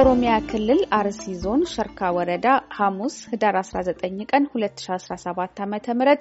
በኦሮሚያ ክልል አርሲ ዞን ሸርካ ወረዳ ሐሙስ ህዳር 19 ቀን 2017 ዓ.ም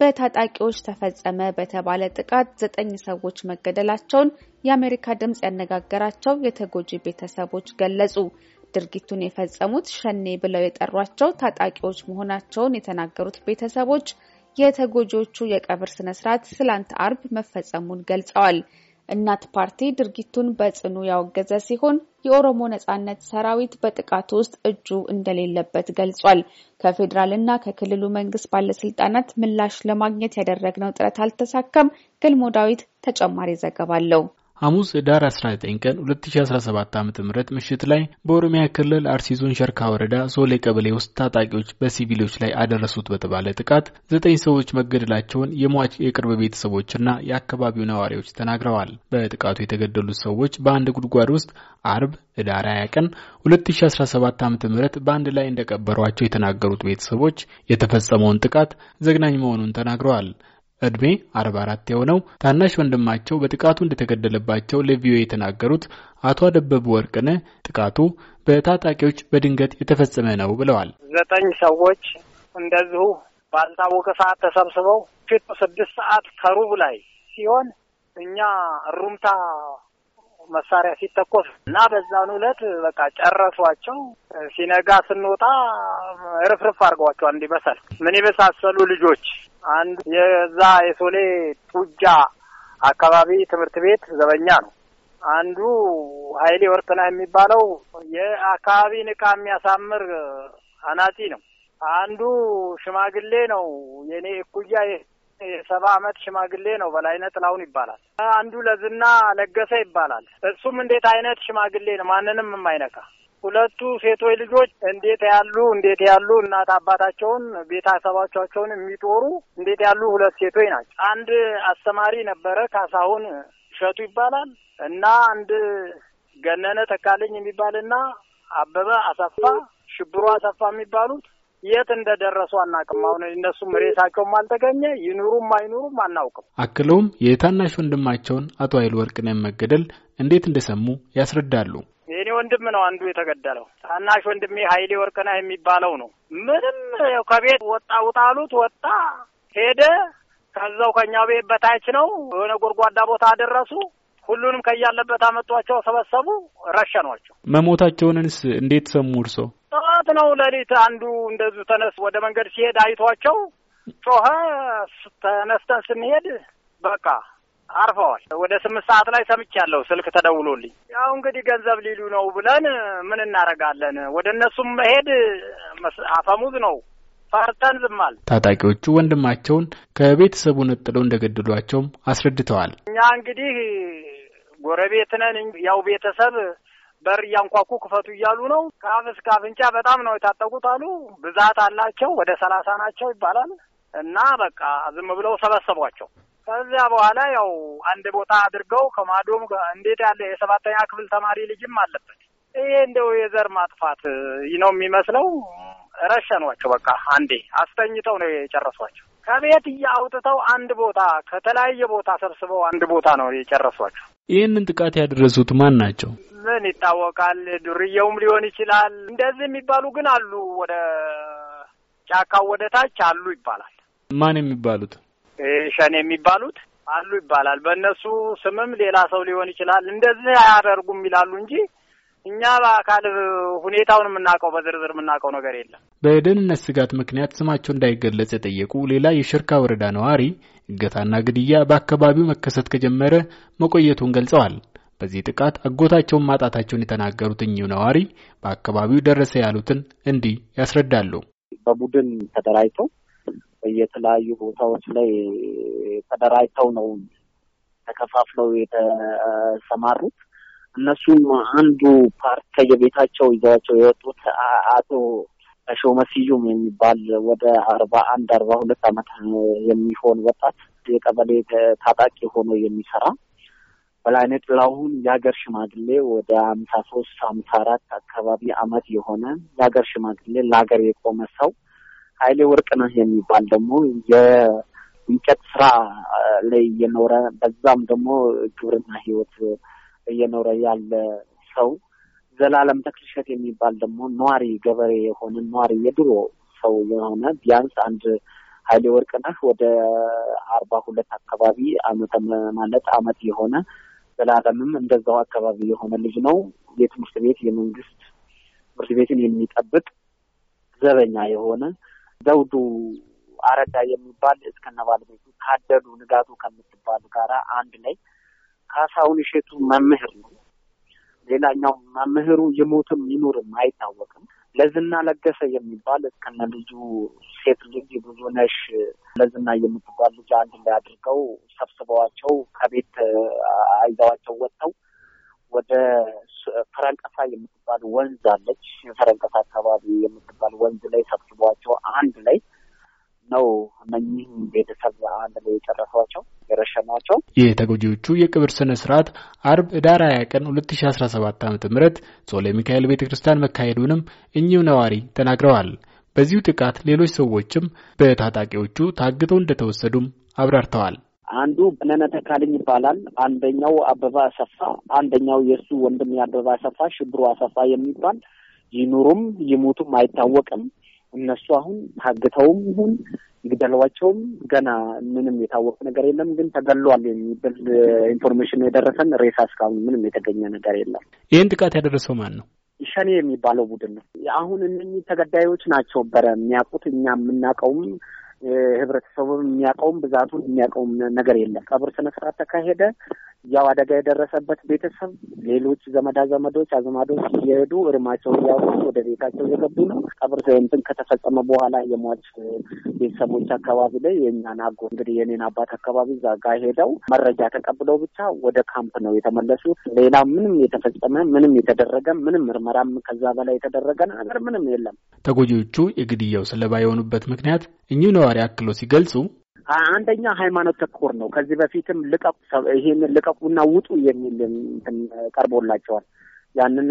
በታጣቂዎች ተፈጸመ በተባለ ጥቃት ዘጠኝ ሰዎች መገደላቸውን የአሜሪካ ድምፅ ያነጋገራቸው የተጎጂ ቤተሰቦች ገለጹ። ድርጊቱን የፈጸሙት ሸኔ ብለው የጠሯቸው ታጣቂዎች መሆናቸውን የተናገሩት ቤተሰቦች የተጎጂዎቹ የቀብር ስነስርዓት ስላንት አርብ መፈጸሙን ገልጸዋል። እናት ፓርቲ ድርጊቱን በጽኑ ያወገዘ ሲሆን የኦሮሞ ነጻነት ሰራዊት በጥቃቱ ውስጥ እጁ እንደሌለበት ገልጿል። ከፌዴራልና ከክልሉ መንግስት ባለስልጣናት ምላሽ ለማግኘት ያደረግነው ጥረት አልተሳካም። ገልሞ ዳዊት ተጨማሪ ዘገባ አለው። ሐሙስ ዳር 19 ቀን 2017 ዓ.ም ምሽት ላይ በኦሮሚያ ክልል አርሲ ዞን ሸርካ ወረዳ ሶሌ ቀበሌ ውስጥ ታጣቂዎች በሲቪሎች ላይ አደረሱት በተባለ ጥቃት ዘጠኝ ሰዎች መገደላቸውን የሟች የቅርብ ቤተሰቦችና የአካባቢው ነዋሪዎች ተናግረዋል። በጥቃቱ የተገደሉት ሰዎች በአንድ ጉድጓድ ውስጥ አርብ ዳር 20 ቀን 2017 ዓ.ም በአንድ ላይ እንደቀበሯቸው የተናገሩት ቤተሰቦች የተፈጸመውን ጥቃት ዘግናኝ መሆኑን ተናግረዋል። እድሜ 44 የሆነው ታናሽ ወንድማቸው በጥቃቱ እንደተገደለባቸው ለቪኦኤ የተናገሩት አቶ አደበቡ ወርቅነ ጥቃቱ በታጣቂዎች በድንገት የተፈጸመ ነው ብለዋል። ዘጠኝ ሰዎች እንደዚሁ ባልታወቀ ሰዓት ተሰብስበው ፊቱ ስድስት ሰዓት ከሩብ ላይ ሲሆን እኛ ሩምታ መሳሪያ ሲተኮስ እና በዛን ዕለት በቃ ጨረሷቸው። ሲነጋ ስንወጣ ርፍርፍ አንድ ይበሳል ምን የመሳሰሉ ልጆች አንድ የዛ የሶሌ ጡጃ አካባቢ ትምህርት ቤት ዘበኛ ነው። አንዱ ኃይሌ ወርቅነህ የሚባለው የአካባቢ እቃ የሚያሳምር አናጺ ነው። አንዱ ሽማግሌ ነው። የእኔ እኩያ የሰባ አመት ሽማግሌ ነው። በላይነህ ጥላሁን ይባላል። አንዱ ለዝና ለገሰ ይባላል። እሱም እንዴት አይነት ሽማግሌ ነው፣ ማንንም የማይነካ ሁለቱ ሴቶች ልጆች እንዴት ያሉ እንዴት ያሉ እናት አባታቸውን ቤተሰባቸውን የሚጦሩ እንዴት ያሉ ሁለት ሴቶች ናቸው። አንድ አስተማሪ ነበረ ካሳሁን እሸቱ ይባላል እና አንድ ገነነ ተካለኝ የሚባልና አበበ አሰፋ ሽብሩ አሰፋ የሚባሉት የት እንደደረሱ አናውቅም። አሁን እነሱም ሬሳቸውም አልተገኘ ይኑሩም አይኑሩም አናውቅም። አክለውም የታናሽ ወንድማቸውን አቶ ኃይል ወርቅነህን መገደል እንዴት እንደሰሙ ያስረዳሉ። የኔ ወንድም ነው አንዱ የተገደለው። ታናሽ ወንድሜ ኃይሌ ወርቅነህ የሚባለው ነው። ምንም ከቤት ወጣ ውጣሉት ወጣ ሄደ። ከዛው ከኛው ቤት በታች ነው የሆነ ጎድጓዳ ቦታ አደረሱ። ሁሉንም ከያለበት አመጧቸው፣ ሰበሰቡ፣ ረሸኗቸው። መሞታቸውንንስ እንዴት ሰሙ እርሶ? ጠዋት ነው ሌሊት አንዱ እንደዚሁ ተነስ ወደ መንገድ ሲሄድ አይቷቸው ጮኸ። ተነስተን ስንሄድ በቃ አርፈዋል። ወደ ስምንት ሰዓት ላይ ሰምቻለሁ ስልክ ተደውሎልኝ። ያው እንግዲህ ገንዘብ ሊሉ ነው ብለን ምን እናደርጋለን? ወደ እነሱም መሄድ አፈሙዝ ነው። ፈርተን ዝማል። ታጣቂዎቹ ወንድማቸውን ከቤተሰቡ ነጥለው እንደገደሏቸውም አስረድተዋል። እኛ እንግዲህ ጎረቤት ነን። ያው ቤተሰብ በር እያንኳኩ ክፈቱ እያሉ ነው። ከአፍ እስከ አፍንጫ በጣም ነው የታጠቁት አሉ። ብዛት አላቸው ወደ ሰላሳ ናቸው ይባላል። እና በቃ ዝም ብለው ሰበሰቧቸው። ከዚያ በኋላ ያው አንድ ቦታ አድርገው ከማዶም እንዴት ያለ የሰባተኛ ክፍል ተማሪ ልጅም አለበት። ይሄ እንደው የዘር ማጥፋት ነው የሚመስለው። ረሸኗቸው። በቃ አንዴ አስተኝተው ነው የጨረሷቸው። ከቤት እያውጥተው አንድ ቦታ ከተለያየ ቦታ ሰብስበው አንድ ቦታ ነው የጨረሷቸው። ይህንን ጥቃት ያደረሱት ማን ናቸው? ምን ይታወቃል፣ ዱርየውም ሊሆን ይችላል። እንደዚህ የሚባሉ ግን አሉ። ወደ ጫካው ወደ ታች አሉ ይባላል። ማን የሚባሉት? ሸኔ የሚባሉት አሉ ይባላል። በእነሱ ስምም ሌላ ሰው ሊሆን ይችላል። እንደዚህ አያደርጉም ይላሉ እንጂ እኛ በአካል ሁኔታውን የምናውቀው በዝርዝር የምናውቀው ነገር የለም። በደህንነት ስጋት ምክንያት ስማቸው እንዳይገለጽ የጠየቁ ሌላ የሽርካ ወረዳ ነዋሪ እገታና ግድያ በአካባቢው መከሰት ከጀመረ መቆየቱን ገልጸዋል። በዚህ ጥቃት አጎታቸውን ማጣታቸውን የተናገሩት እኚሁ ነዋሪ በአካባቢው ደረሰ ያሉትን እንዲህ ያስረዳሉ። በቡድን ተደራጅተው የተለያዩ ቦታዎች ላይ ተደራጅተው ነው ተከፋፍለው የተሰማሩት። እነሱም አንዱ ፓርት ከየቤታቸው ይዘዋቸው የወጡት አቶ ተሾመ ስዩም የሚባል ወደ አርባ አንድ አርባ ሁለት ዓመት የሚሆን ወጣት የቀበሌ ታጣቂ ሆኖ የሚሰራ በላይነት ጥላሁን የሀገር ሽማግሌ ወደ አምሳ ሶስት አምሳ አራት አካባቢ አመት የሆነ የሀገር ሽማግሌ ለሀገር የቆመ ሰው፣ ሀይሌ ወርቅነህ የሚባል ደግሞ የእንጨት ስራ ላይ እየኖረ በዛም ደግሞ ግብርና ህይወት እየኖረ ያለ ሰው፣ ዘላለም ተክልሸት የሚባል ደግሞ ነዋሪ ገበሬ የሆነ ነዋሪ የድሮ ሰው የሆነ ቢያንስ አንድ ሀይሌ ወርቅነህ ወደ አርባ ሁለት አካባቢ አመተ ማለት አመት የሆነ ዘላለምም እንደዛው አካባቢ የሆነ ልጅ ነው። የትምህርት ቤት የመንግስት ትምህርት ቤትን የሚጠብቅ ዘበኛ የሆነ ዘውዱ አረዳ የሚባል እስከነ ባለቤቱ ካደዱ ንጋቱ ከምትባል ጋራ አንድ ላይ ካሳሁን እሸቱ መምህር ነው። ሌላኛው መምህሩ ይሞትም ይኑርም አይታወቅም። ለዝና ለገሰ የሚባል እስከነ ልጁ ሴት ልጅ ብዙ ነሽ ለዝና የምትባል ልጅ አንድ ላይ አድርገው ሰብስበዋቸው ከቤት አይዘዋቸው ወጥተው ወደ ፈረንቀሳ የምትባል ወንዝ አለች። የፈረንቀሳ አካባቢ የምትባል ወንዝ ላይ ሰብስቧቸው አንድ ላይ ነው እነኚህም ቤተሰብ አንድ ላይ የጨረሷቸው የረሸኗቸው። የተጎጂዎቹ የቅብር ስነ ስርዓት አርብ ኅዳር 20 ቀን 2017 ዓ ም ጾሌ ሚካኤል ቤተ ክርስቲያን መካሄዱንም እኚሁ ነዋሪ ተናግረዋል። በዚሁ ጥቃት ሌሎች ሰዎችም በታጣቂዎቹ ታግተው እንደተወሰዱም አብራርተዋል። አንዱ በነነ ተካልኝ ይባላል። አንደኛው አበባ አሰፋ፣ አንደኛው የእሱ ወንድም የአበባ አሰፋ ሽብሩ አሰፋ የሚባል ይኑሩም ይሙቱም አይታወቅም። እነሱ አሁን ታግተውም ይሁን ይግደሏቸውም ገና ምንም የታወቀ ነገር የለም። ግን ተገሏል የሚብል ኢንፎርሜሽን የደረሰን ሬሳ እስካሁን ምንም የተገኘ ነገር የለም። ይህን ጥቃት ያደረሰው ማን ነው? ሸኔ የሚባለው ቡድን ነው። አሁን እነኚህ ተገዳዮች ናቸው በረ የሚያውቁት እኛ የምናውቀውም ህብረተሰቡ የሚያውቀውም ብዛቱን የሚያውቀውም ነገር የለም። ቀብር ስነስርዓት ተካሄደ። ያው አደጋ የደረሰበት ቤተሰብ፣ ሌሎች ዘመዳ ዘመዶች፣ አዘማዶች እየሄዱ እርማቸው እያወጡ ወደ ቤታቸው እየገቡ ነው። ቀብር እንትን ከተፈጸመ በኋላ የሟች ቤተሰቦች አካባቢ ላይ የእኛን አጎ እንግዲህ የኔን አባት አካባቢ እዛ ጋ ሄደው መረጃ ተቀብለው ብቻ ወደ ካምፕ ነው የተመለሱት። ሌላ ምንም የተፈጸመ ምንም የተደረገ ምንም ምርመራም ከዛ በላይ የተደረገ ነገር ምንም የለም። ተጎጂዎቹ የግድያው ሰለባ የሆኑበት ምክንያት እኚሁ ነዋሪ አክሎ ሲገልጹ አንደኛ ሃይማኖት ተኮር ነው። ከዚህ በፊትም ልቀቁ ይሄን ልቀቁና ውጡ የሚል እንትን ቀርቦላቸዋል። ያንን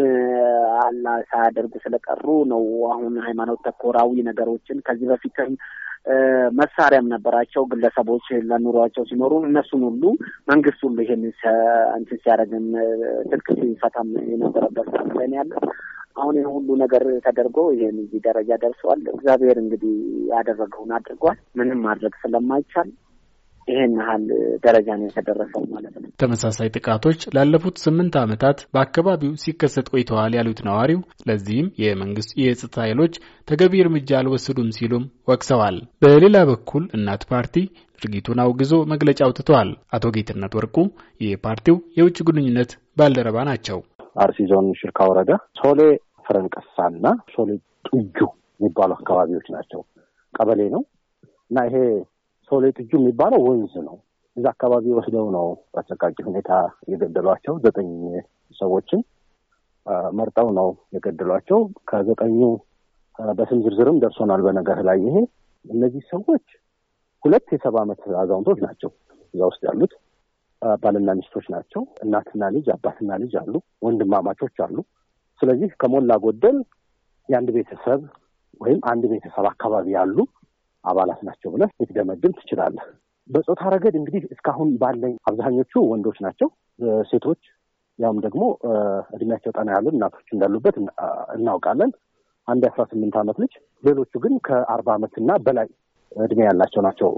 አላ ሳያደርጉ ስለቀሩ ነው አሁን ሃይማኖት ተኮራዊ ነገሮችን ከዚህ በፊትም መሳሪያም ነበራቸው ግለሰቦች ለኑሯቸው ሲኖሩ እነሱን ሁሉ መንግስት ሁሉ ይሄን እንትን ሲያደርግም ትልቅ ሲፈታም የነበረበት ያለ አሁን ይህ ሁሉ ነገር ተደርጎ ይህን እዚህ ደረጃ ደርሰዋል። እግዚአብሔር እንግዲህ ያደረገውን አድርጓል። ምንም ማድረግ ስለማይቻል ይህን ያህል ደረጃ ነው የተደረሰው ማለት ነው። ተመሳሳይ ጥቃቶች ላለፉት ስምንት ዓመታት በአካባቢው ሲከሰት ቆይተዋል ያሉት ነዋሪው፣ ለዚህም የመንግስት የጸጥታ ኃይሎች ተገቢ እርምጃ አልወሰዱም ሲሉም ወቅሰዋል። በሌላ በኩል እናት ፓርቲ ድርጊቱን አውግዞ መግለጫ አውጥተዋል። አቶ ጌትነት ወርቁ የፓርቲው የውጭ ግንኙነት ባልደረባ ናቸው። አርሲ ዞን ሽርካ ወረዳ ሶሌ ፈረንቀሳና ሶሌ ጥጁ የሚባሉ አካባቢዎች ናቸው። ቀበሌ ነው እና ይሄ ሶሌ ጥጁ የሚባለው ወንዝ ነው። እዛ አካባቢ ወስደው ነው በአሰቃቂ ሁኔታ የገደሏቸው። ዘጠኝ ሰዎችን መርጠው ነው የገደሏቸው። ከዘጠኙ በስም ዝርዝርም ደርሶናል። በነገር ላይ ይሄ እነዚህ ሰዎች ሁለት የሰባ ዓመት አዛውንቶች ናቸው እዛ ውስጥ ያሉት ባልና ሚስቶች ናቸው። እናትና ልጅ፣ አባትና ልጅ አሉ። ወንድማማቾች አሉ። ስለዚህ ከሞላ ጎደል የአንድ ቤተሰብ ወይም አንድ ቤተሰብ አካባቢ ያሉ አባላት ናቸው ብለህ ልትደመድም ትችላለህ። በጾታ ረገድ እንግዲህ እስካሁን ባለኝ አብዛኞቹ ወንዶች ናቸው። ሴቶች ያም ደግሞ እድሜያቸው ጠና ያሉ እናቶች እንዳሉበት እናውቃለን። አንድ የአስራ ስምንት ዓመት ልጅ፣ ሌሎቹ ግን ከአርባ ዓመት በላይ እድሜ ያላቸው ናቸው።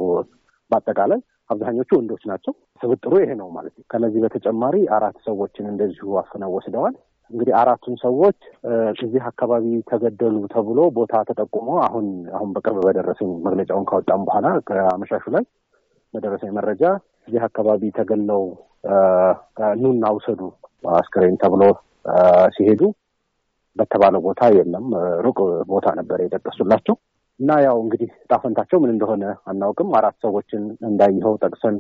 በአጠቃላይ አብዛኞቹ ወንዶች ናቸው። ስብጥሩ ይሄ ነው ማለት ነው። ከነዚህ በተጨማሪ አራት ሰዎችን እንደዚሁ አፍነው ወስደዋል። እንግዲህ አራቱን ሰዎች እዚህ አካባቢ ተገደሉ ተብሎ ቦታ ተጠቁሞ አሁን አሁን በቅርብ በደረሰኝ መግለጫውን ካወጣም በኋላ ከአመሻሹ ላይ በደረሰኝ መረጃ እዚህ አካባቢ ተገለው ኑና ውሰዱ አስክሬን ተብሎ ሲሄዱ በተባለ ቦታ የለም፣ ሩቅ ቦታ ነበር የጠቀሱላቸው። እና ያው እንግዲህ እጣፈንታቸው ምን እንደሆነ አናውቅም። አራት ሰዎችን እንዳይኸው ጠቅሰን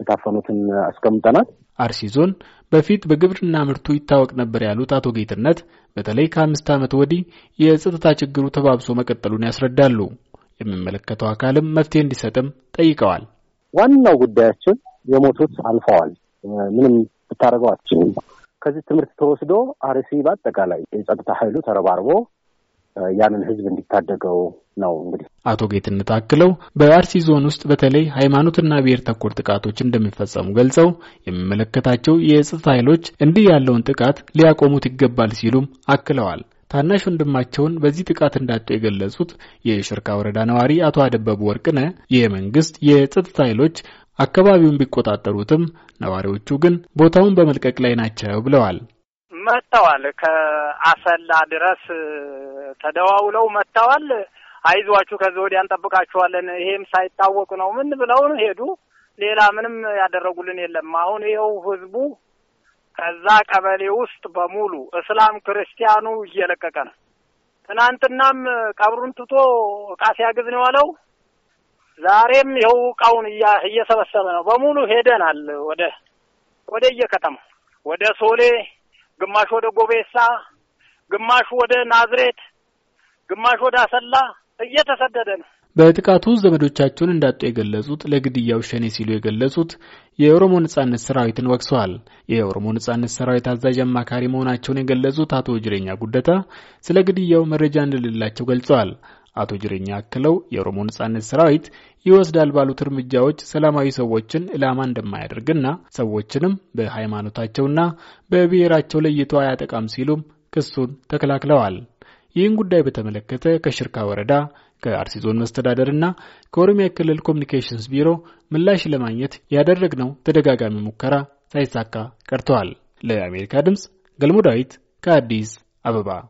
የታፈኑትን አስቀምጠናል። አርሲ ዞን በፊት በግብርና ምርቱ ይታወቅ ነበር ያሉት አቶ ጌትነት በተለይ ከአምስት ዓመት ወዲህ የጸጥታ ችግሩ ተባብሶ መቀጠሉን ያስረዳሉ። የሚመለከተው አካልም መፍትሄ እንዲሰጥም ጠይቀዋል። ዋናው ጉዳያችን የሞቱት አልፈዋል። ምንም ብታደርገው አትችልም። ከዚህ ትምህርት ተወስዶ አርሲ በአጠቃላይ የጸጥታ ኃይሉ ተረባርቦ ያንን ህዝብ እንዲታደገው ነው። እንግዲህ አቶ ጌትነት አክለው በአርሲ ዞን ውስጥ በተለይ ሃይማኖትና ብሔር ተኮር ጥቃቶች እንደሚፈጸሙ ገልጸው የሚመለከታቸው የጸጥታ ኃይሎች እንዲህ ያለውን ጥቃት ሊያቆሙት ይገባል ሲሉም አክለዋል። ታናሽ ወንድማቸውን በዚህ ጥቃት እንዳጡ የገለጹት የሽርካ ወረዳ ነዋሪ አቶ አደበቡ ወርቅነ የመንግስት የጸጥታ ኃይሎች አካባቢውን ቢቆጣጠሩትም ነዋሪዎቹ ግን ቦታውን በመልቀቅ ላይ ናቸው ብለዋል። መጥተዋል። ከአሰላ ድረስ ተደዋውለው መጥተዋል። አይዟችሁ ከዚህ ወዲያ እንጠብቃችኋለን፣ ይሄም ሳይታወቅ ነው ምን ብለውን ሄዱ። ሌላ ምንም ያደረጉልን የለም። አሁን ይኸው ህዝቡ ከዛ ቀበሌ ውስጥ በሙሉ እስላም ክርስቲያኑ እየለቀቀ ነው። ትናንትናም ቀብሩን ትቶ እቃ ሲያግዝ ነው የዋለው። ዛሬም ይኸው እቃውን እየሰበሰበ ነው። በሙሉ ሄደናል ወደ ወደ እየከተማ ወደ ሶሌ፣ ግማሽ ወደ ጎቤሳ፣ ግማሽ ወደ ናዝሬት ግማሽ ወደ አሰላ እየተሰደደ ነው። በጥቃቱ ዘመዶቻቸውን እንዳጡ የገለጹት ለግድያው ሸኔ ሲሉ የገለጹት የኦሮሞ ነጻነት ሰራዊትን ወቅሰዋል። የኦሮሞ ነጻነት ሰራዊት አዛዥ አማካሪ መሆናቸውን የገለጹት አቶ ጅሬኛ ጉደታ ስለ ግድያው መረጃ እንደሌላቸው ገልጸዋል። አቶ ጅሬኛ አክለው የኦሮሞ ነጻነት ሰራዊት ይወስዳል ባሉት እርምጃዎች ሰላማዊ ሰዎችን ዕላማ እንደማያደርግና ሰዎችንም በሃይማኖታቸውና በብሔራቸው ለይቶ አያጠቃም ሲሉም ክሱን ተከላክለዋል። ይህን ጉዳይ በተመለከተ ከሽርካ ወረዳ ከአርሲ ዞን መስተዳደር እና ከኦሮሚያ ክልል ኮሚኒኬሽንስ ቢሮ ምላሽ ለማግኘት ያደረግነው ተደጋጋሚ ሙከራ ሳይሳካ ቀርተዋል። ለአሜሪካ ድምፅ ገልሞ ዳዊት ከአዲስ አበባ